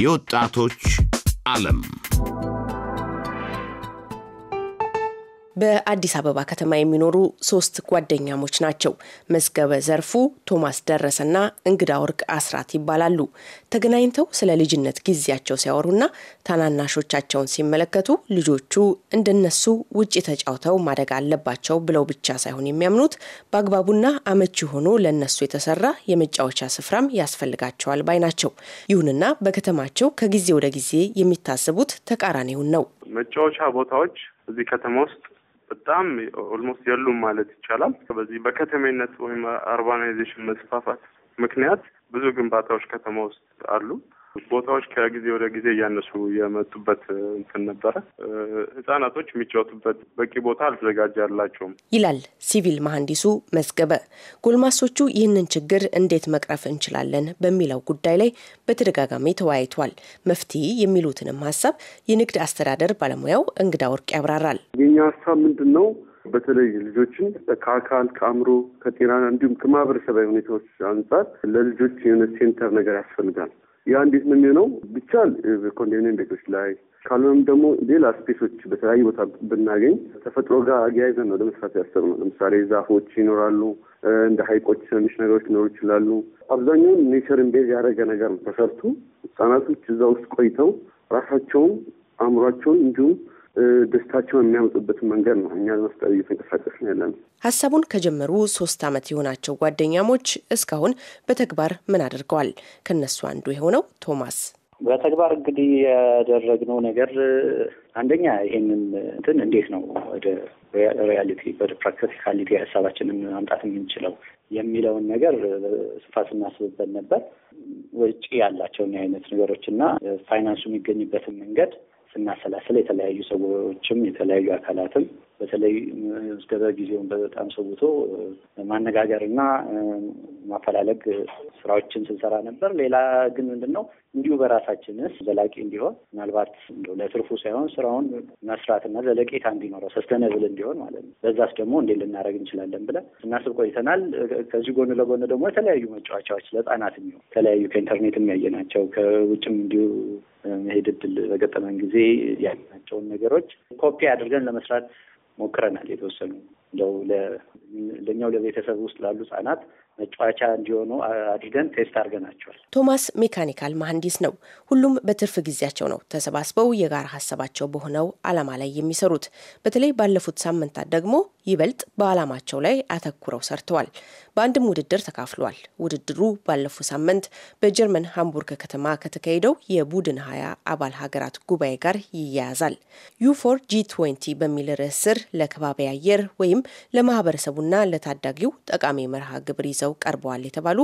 የወጣቶች ዓለም በአዲስ አበባ ከተማ የሚኖሩ ሶስት ጓደኛሞች ናቸው። መዝገበ ዘርፉ፣ ቶማስ ደረሰና እንግዳ ወርቅ አስራት ይባላሉ። ተገናኝተው ስለ ልጅነት ጊዜያቸው ሲያወሩና ታናናሾቻቸውን ሲመለከቱ ልጆቹ እንደነሱ ውጭ ተጫውተው ማደግ አለባቸው ብለው ብቻ ሳይሆን የሚያምኑት በአግባቡና አመቺ ሆኖ ለነሱ የተሰራ የመጫወቻ ስፍራም ያስፈልጋቸዋል ባይ ናቸው። ይሁንና በከተማቸው ከጊዜ ወደ ጊዜ የሚታሰቡት ተቃራኒውን ነው። መጫወቻ ቦታዎች እዚህ ከተማ ውስጥ በጣም ኦልሞስት የሉም ማለት ይቻላል። በዚህ በከተሜነት ወይም አርባናይዜሽን መስፋፋት ምክንያት ብዙ ግንባታዎች ከተማ ውስጥ አሉ። ቦታዎች ከጊዜ ወደ ጊዜ እያነሱ የመጡበት እንትን ነበረ። ህጻናቶች የሚጫወቱበት በቂ ቦታ አልተዘጋጀላቸውም ይላል ሲቪል መሐንዲሱ መዝገበ። ጎልማሶቹ ይህንን ችግር እንዴት መቅረፍ እንችላለን በሚለው ጉዳይ ላይ በተደጋጋሚ ተወያይቷል። መፍትሄ የሚሉትንም ሀሳብ የንግድ አስተዳደር ባለሙያው እንግዳ ወርቅ ያብራራል። የኛ ሀሳብ ምንድን ነው? በተለይ ልጆችን ከአካል ከአእምሮ ከጤና እንዲሁም ከማህበረሰባዊ ሁኔታዎች አንጻር ለልጆች የሆነ ሴንተር ነገር ያስፈልጋል። ያ እንዴት ነው የሚሆነው? ቢቻል ኮንዶሚኒየም ቤቶች ላይ ካልሆነም ደግሞ ሌላ ስፔሶች በተለያዩ ቦታ ብናገኝ ተፈጥሮ ጋር አያይዘን ነው ለመስራት ያሰብነው። ለምሳሌ ዛፎች ይኖራሉ፣ እንደ ሀይቆች ትንንሽ ነገሮች ሊኖሩ ይችላሉ። አብዛኛውን ኔቸርን ቤዝ ያደረገ ነገር ነው ተሰርቶ ህጻናቶች እዛ ውስጥ ቆይተው ራሳቸውን አእምሯቸውን እንዲሁም ደስታቸውን የሚያመጡበት መንገድ ነው እኛ ለመፍጠር እየተንቀሳቀስ ነው ያለ ነው። ሀሳቡን ከጀመሩ ሶስት ዓመት የሆናቸው ጓደኛሞች እስካሁን በተግባር ምን አድርገዋል? ከነሱ አንዱ የሆነው ቶማስ በተግባር እንግዲህ ያደረግነው ነገር አንደኛ ይሄንን እንትን እንዴት ነው ወደ ሪያሊቲ ወደ ፕራክቲካሊቲ ሀሳባችንን ማምጣት የምንችለው የሚለውን ነገር ስፋት እናስብበት ነበር። ውጪ ያላቸውን የአይነት ነገሮች እና ፋይናንሱ የሚገኝበትን መንገድ ስናሰላስል የተለያዩ ሰዎችም የተለያዩ አካላትም በተለይ ምዝገባ ጊዜውን በጣም ሰውቶ ማነጋገር ማፈላለግ ስራዎችን ስንሰራ ነበር። ሌላ ግን ምንድን ነው እንዲሁ በራሳችንስ ዘላቂ እንዲሆን ምናልባት እንደው ለትርፉ ሳይሆን ስራውን መስራትና ዘለቄታ እንዲኖረው ሰስተነብል እንዲሆን ማለት ነው። በዛስ ደግሞ እንዴ ልናደርግ እንችላለን ብለን ስናስብ ቆይተናል። ከዚህ ጎን ለጎን ደግሞ የተለያዩ መጫወቻዎች ለህጻናት የሚሆን የተለያዩ ከኢንተርኔት የሚያየናቸው ከውጭም እንዲሁ መሄድ እድል በገጠመን ጊዜ ያየናቸውን ነገሮች ኮፒ አድርገን ለመስራት ሞክረናል። የተወሰኑ እንደው ለኛው ለቤተሰብ ውስጥ ላሉ ህጻናት መጫወቻ እንዲሆኑ አድርገን ቴስት አድርገናቸዋል። ቶማስ ሜካኒካል መሐንዲስ ነው። ሁሉም በትርፍ ጊዜያቸው ነው ተሰባስበው የጋራ ሀሳባቸው በሆነው አላማ ላይ የሚሰሩት። በተለይ ባለፉት ሳምንታት ደግሞ ይበልጥ በአላማቸው ላይ አተኩረው ሰርተዋል። በአንድም ውድድር ተካፍለዋል። ውድድሩ ባለፈው ሳምንት በጀርመን ሃምቡርግ ከተማ ከተካሄደው የቡድን ሀያ አባል ሀገራት ጉባኤ ጋር ይያያዛል። ዩፎር ጂ20 በሚል ርዕስ ስር ለከባቢ አየር ወይም ለማህበረሰቡ ለቤተሰቡና ለታዳጊው ጠቃሚ መርሃ ግብር ይዘው ቀርበዋል የተባሉ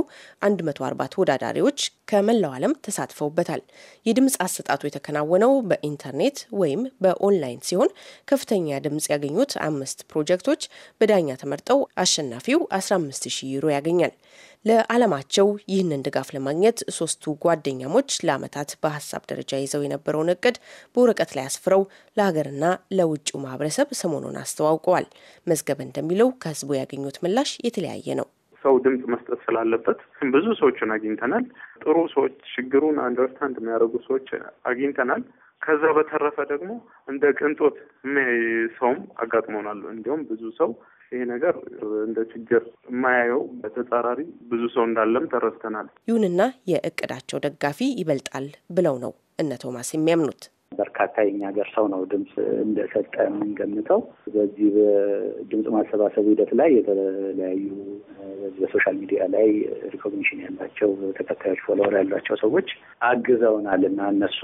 140 ተወዳዳሪዎች ከመላው ዓለም ተሳትፈውበታል። የድምፅ አሰጣጡ የተከናወነው በኢንተርኔት ወይም በኦንላይን ሲሆን ከፍተኛ ድምፅ ያገኙት አምስት ፕሮጀክቶች በዳኛ ተመርጠው አሸናፊው 15000 ዩሮ ያገኛል። ለዓላማቸው ይህንን ድጋፍ ለማግኘት ሶስቱ ጓደኛሞች ለአመታት በሀሳብ ደረጃ ይዘው የነበረውን እቅድ በወረቀት ላይ አስፍረው ለሀገርና ለውጭው ማህበረሰብ ሰሞኑን አስተዋውቀዋል። መዝገበ እንደሚለው ከህዝቡ ያገኙት ምላሽ የተለያየ ነው። ሰው ድምፅ መስጠት ስላለበት ብዙ ሰዎችን አግኝተናል። ጥሩ ሰዎች፣ ችግሩን አንደርስታንድ የሚያደርጉ ሰዎች አግኝተናል። ከዛ በተረፈ ደግሞ እንደ ቅንጦት ሰውም አጋጥሞናል። እንዲሁም ብዙ ሰው ይሄ ነገር እንደ ችግር የማያየው በተጻራሪ ብዙ ሰው እንዳለም ተረስተናል። ይሁንና የእቅዳቸው ደጋፊ ይበልጣል ብለው ነው እነ ቶማስ የሚያምኑት። በርካታ የኛ ሀገር ሰው ነው ድምፅ እንደሰጠ የምንገምተው። በዚህ በድምፅ ማሰባሰብ ሂደት ላይ የተለያዩ በሶሻል ሚዲያ ላይ ሪኮግኒሽን ያላቸው ተከታዮች፣ ፎሎወር ያሏቸው ሰዎች አግዘውናል እና እነሱ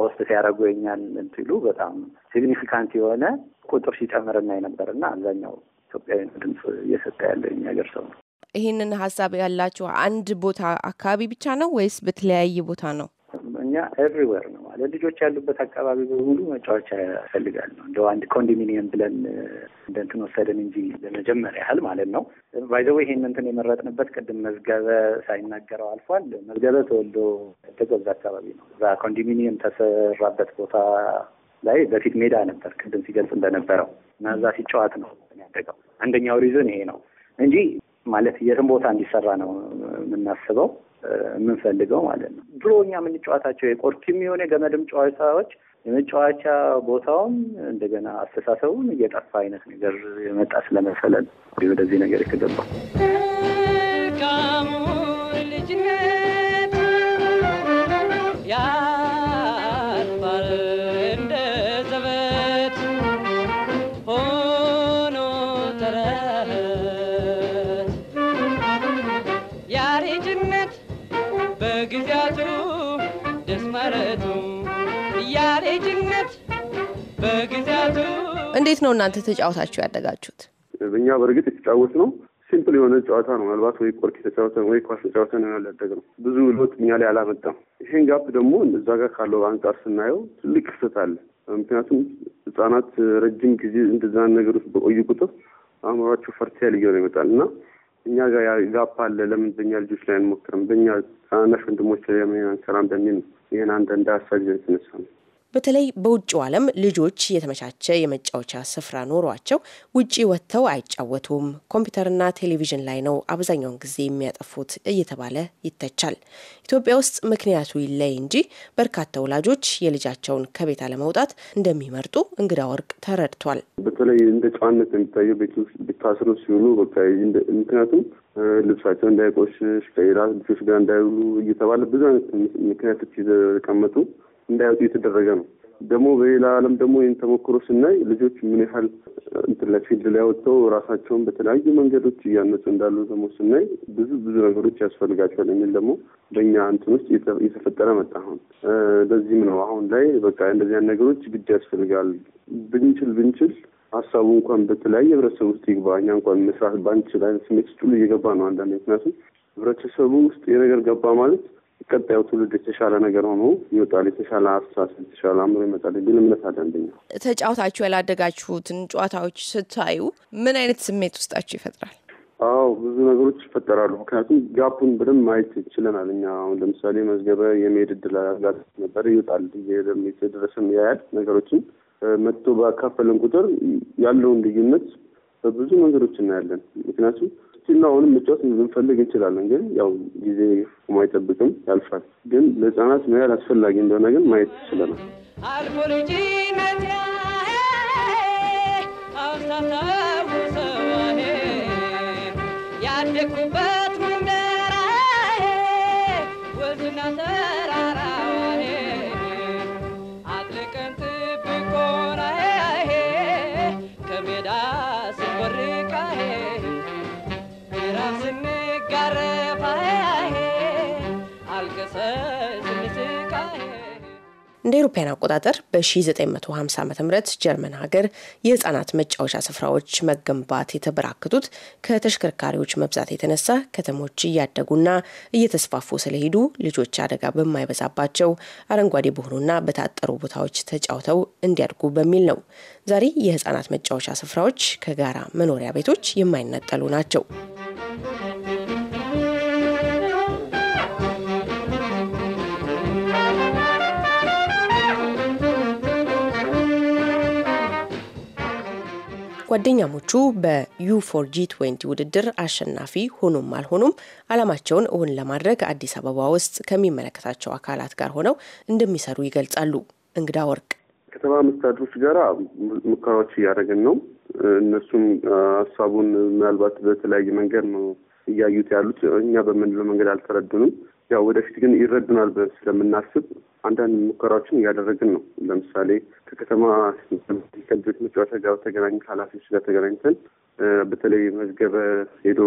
ፖስት ሲያደርጉ የኛን እንትሉ በጣም ሲግኒፊካንት የሆነ ቁጥር ሲጨምርና የነበር እና አብዛኛው ኢትዮጵያዊ ድምፅ እየሰጠ ያለ የሚያገር ሰው ነው። ይህንን ሀሳብ ያላችሁ አንድ ቦታ አካባቢ ብቻ ነው ወይስ በተለያየ ቦታ ነው? እኛ ኤቭሪዌር ነው ማለት ልጆች ያሉበት አካባቢ በሙሉ መጫወቻ ያፈልጋል ነው። እንደው አንድ ኮንዶሚኒየም ብለን እንደ እንትን ወሰድን እንጂ ለመጀመር ያህል ማለት ነው። ባይዘው ይሄን እንትን የመረጥንበት ቅድም መዝገበ ሳይናገረው አልፏል። መዝገበ ተወልዶ ተገዛ አካባቢ ነው። እዛ ኮንዶሚኒየም ተሰራበት ቦታ ላይ በፊት ሜዳ ነበር፣ ቅድም ሲገልጽ እንደነበረው እና እዛ ሲጨዋት ነው የሚያስፈልገው። አንደኛው ሪዝን ይሄ ነው እንጂ ማለት የትም ቦታ እንዲሰራ ነው የምናስበው የምንፈልገው ማለት ነው። ድሮ እኛ የምንጫወታቸው የቆርኪ የሆነ የገመድም ጨዋታዎች የመጫወቻ ቦታውም እንደገና አስተሳሰቡን እየጠፋ አይነት ነገር የመጣ ስለመሰለን ወደዚህ ነገር የተገባ እንዴት ነው እናንተ ተጫወታችሁ ያደጋችሁት? እኛ በእርግጥ የተጫወት ነው ሲምፕል የሆነ ጨዋታ ነው። ምናልባት ወይ ቆርክ የተጫወተን ወይ ኳስ ተጫወተን ነው ያደግነው። ብዙ ለውጥ እኛ ላይ አላመጣም። ይሄን ጋፕ ደግሞ እዛ ጋር ካለው አንጻር ስናየው ትልቅ ክፍተት አለ። ምክንያቱም ህጻናት ረጅም ጊዜ እንደዛን ነገር ውስጥ በቆዩ ቁጥር አእምሯቸው ፈርቲያል እየሆነ ይመጣል እና እኛ ጋር ጋፕ አለ። ለምን በእኛ ልጆች ላይ አንሞክርም? በእኛ ታናናሽ ወንድሞች ላይ ለምን አንሰራም? በሚል ይህን አንድ እንደ ሀሳብ የተነሳ ነው። በተለይ በውጭው ዓለም ልጆች የተመቻቸ የመጫወቻ ስፍራ ኖሯቸው ውጪ ወጥተው አይጫወቱም፣ ኮምፒውተርና ቴሌቪዥን ላይ ነው አብዛኛውን ጊዜ የሚያጠፉት እየተባለ ይተቻል። ኢትዮጵያ ውስጥ ምክንያቱ ይለይ እንጂ በርካታ ወላጆች የልጃቸውን ከቤት አለመውጣት እንደሚመርጡ እንግዳ ወርቅ ተረድቷል። በተለይ እንደ ጨዋነት የሚታየው ቤት ውስጥ ቢታስሩ ሲውሉ በቃ ምክንያቱም ልብሳቸው እንዳይቆሽሽ ከሌላ ልጆች ጋር እንዳይውሉ እየተባለ ብዙ አይነት ምክንያቶች የተቀመጡ እንዳይወጡ የተደረገ ነው። ደግሞ በሌላ ዓለም ደግሞ ይህን ተሞክሮ ስናይ ልጆች ምን ያህል እንትን ላይ ፊልድ ላይ ወጥተው ራሳቸውን በተለያዩ መንገዶች እያነጹ እንዳሉ ደግሞ ስናይ ብዙ ብዙ ነገሮች ያስፈልጋቸዋል የሚል ደግሞ በእኛ እንትን ውስጥ እየተፈጠረ መጣ። አሁን ለዚህም ነው አሁን ላይ በቃ እንደዚህ አይነት ነገሮች ግድ ያስፈልጋል። ብንችል ብንችል ሀሳቡ እንኳን በተለያየ ህብረተሰብ ውስጥ ይግባ። እኛ እንኳን መስራት ባንችል አይነት ስሜት ውስጥ ሁሉ እየገባ ነው አንዳንድ ምክንያቱም ህብረተሰቡ ውስጥ የነገር ገባ ማለት ቀጣዩ ትውልድ የተሻለ ነገር ሆኖ ይወጣል። የተሻለ አስተሳሰብ፣ የተሻለ አእምሮ ይመጣል የሚል እምነት አለ። አንደኛ ያላደጋችሁትን ጨዋታዎች ስታዩ ምን አይነት ስሜት ውስጣችሁ ይፈጥራል? አዎ ብዙ ነገሮች ይፈጠራሉ። ምክንያቱም ጋፑን በደንብ ማየት ችለናል። እኛ አሁን ለምሳሌ መዝገበ የመሄድ እድል ጋር ነበር ይወጣል የተደረሰም ያያል ነገሮችን መጥቶ ባካፈለን ቁጥር ያለውን ልዩነት በብዙ መንገዶች እናያለን። ምክንያቱም እቺና አሁንም መጫወት ልንፈልግ እንችላለን፣ ግን ያው ጊዜ አይጠብቅም፣ ያልፋል። ግን ለህፃናት ምን ያህል አስፈላጊ እንደሆነ ግን ማየት ይችለናል። ያደግኩበት እንደ አውሮፓውያን አቆጣጠር በ1950 ዓ ም ጀርመን ሀገር የህፃናት መጫወቻ ስፍራዎች መገንባት የተበራከቱት ከተሽከርካሪዎች መብዛት የተነሳ ከተሞች እያደጉና እየተስፋፉ ስለሄዱ ልጆች አደጋ በማይበዛባቸው አረንጓዴ በሆኑና በታጠሩ ቦታዎች ተጫውተው እንዲያድጉ በሚል ነው። ዛሬ የህፃናት መጫወቻ ስፍራዎች ከጋራ መኖሪያ ቤቶች የማይነጠሉ ናቸው። ጓደኛሞቹ በዩ4ጂ20 ውድድር አሸናፊ ሆኖም አልሆኑም ዓላማቸውን እውን ለማድረግ አዲስ አበባ ውስጥ ከሚመለከታቸው አካላት ጋር ሆነው እንደሚሰሩ ይገልጻሉ። እንግዳ ወርቅ ከተማ መስተዳድሮች ጋር ሙከራዎች እያደረግን ነው። እነሱም ሀሳቡን ምናልባት በተለያየ መንገድ ነው እያዩት ያሉት። እኛ በምንለው መንገድ አልተረዱንም። ያው ወደፊት ግን ይረዱናል ስለምናስብ አንዳንድ ሙከራዎችን እያደረግን ነው። ለምሳሌ ከከተማ ከልጆች መጫወቻ ጋር ተገናኝ ኃላፊዎች ጋር ተገናኝተን በተለይ መዝገበ ሄዶ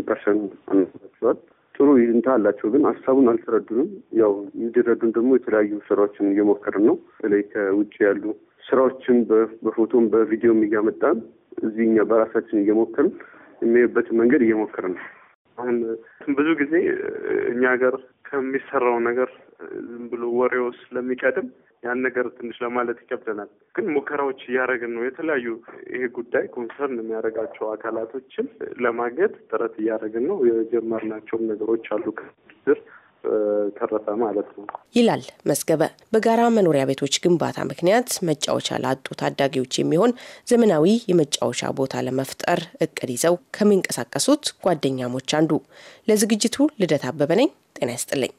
ኢምፐርሽን አናቸዋል። ጥሩ ይሁንታ አላቸው፣ ግን ሀሳቡን አልተረዱንም። ያው እንዲረዱን ደግሞ የተለያዩ ስራዎችን እየሞከርን ነው። በተለይ ከውጭ ያሉ ስራዎችን በፎቶም በቪዲዮም እያመጣን እዚህ እኛ በራሳችን እየሞከርን የሚሄበትን መንገድ እየሞከርን ነው። አሁን ብዙ ጊዜ እኛ ሀገር ከሚሰራው ነገር ዝም ብሎ ወሬው ስለሚቀድም ያን ነገር ትንሽ ለማለት ይከብደናል። ግን ሙከራዎች እያደረግን ነው። የተለያዩ ይሄ ጉዳይ ኮንሰርን የሚያደርጋቸው አካላቶችን ለማግኘት ጥረት እያደረግን ነው። የጀመርናቸውም ነገሮች አሉ ከድር ተረፈ ማለት ነው ይላል መዝገበ። በጋራ መኖሪያ ቤቶች ግንባታ ምክንያት መጫወቻ ላጡ ታዳጊዎች የሚሆን ዘመናዊ የመጫወቻ ቦታ ለመፍጠር እቅድ ይዘው ከሚንቀሳቀሱት ጓደኛሞች አንዱ። ለዝግጅቱ ልደት አበበ ነኝ። ጤና ይስጥልኝ።